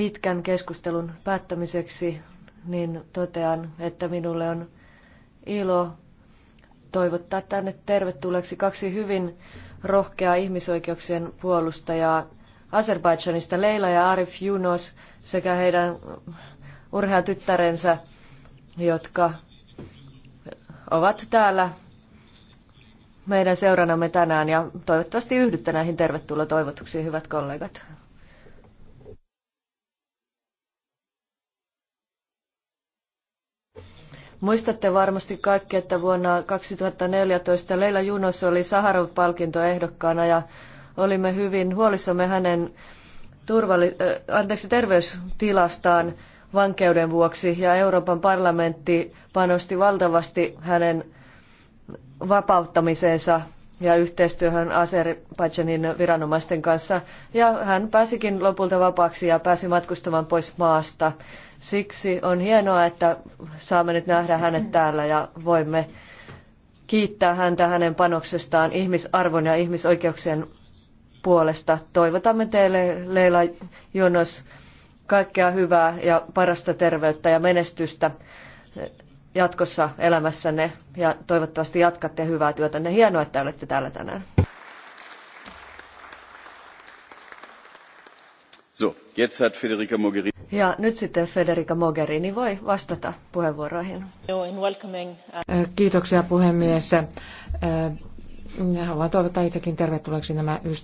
pitkän keskustelun päättämiseksi, niin totean, että minulle on ilo toivottaa tänne tervetulleeksi kaksi hyvin rohkeaa ihmisoikeuksien puolustajaa Azerbaidžanista Leila ja Arif Yunos sekä heidän urheatyttärensä, jotka ovat täällä meidän seuranamme tänään ja toivottavasti yhdytte näihin tervetuloa toivotuksiin, hyvät kollegat. Muistatte varmasti kaikki, että vuonna 2014 Leila Junos oli Saharov-palkintoehdokkaana ja olimme hyvin huolissamme hänen turvalli- äh, anteeksi, terveystilastaan vankeuden vuoksi ja Euroopan parlamentti panosti valtavasti hänen vapauttamiseensa ja yhteistyöhön Azerbaidžanin viranomaisten kanssa. Ja hän pääsikin lopulta vapaaksi ja pääsi matkustamaan pois maasta. Siksi on hienoa, että saamme nyt nähdä hänet täällä ja voimme kiittää häntä hänen panoksestaan ihmisarvon ja ihmisoikeuksien puolesta. Toivotamme teille, Leila Jonos, kaikkea hyvää ja parasta terveyttä ja menestystä jatkossa elämässänne ja toivottavasti jatkatte hyvää työtä. Ne Hienoa, että olette täällä tänään. So, jetzt hat Federica Mogherini. Ja nyt sitten Federica Mogherini voi vastata puheenvuoroihin. Uh, kiitoksia puhemies. Haluan toivottaa itsekin tervetulleeksi nämä ystävät.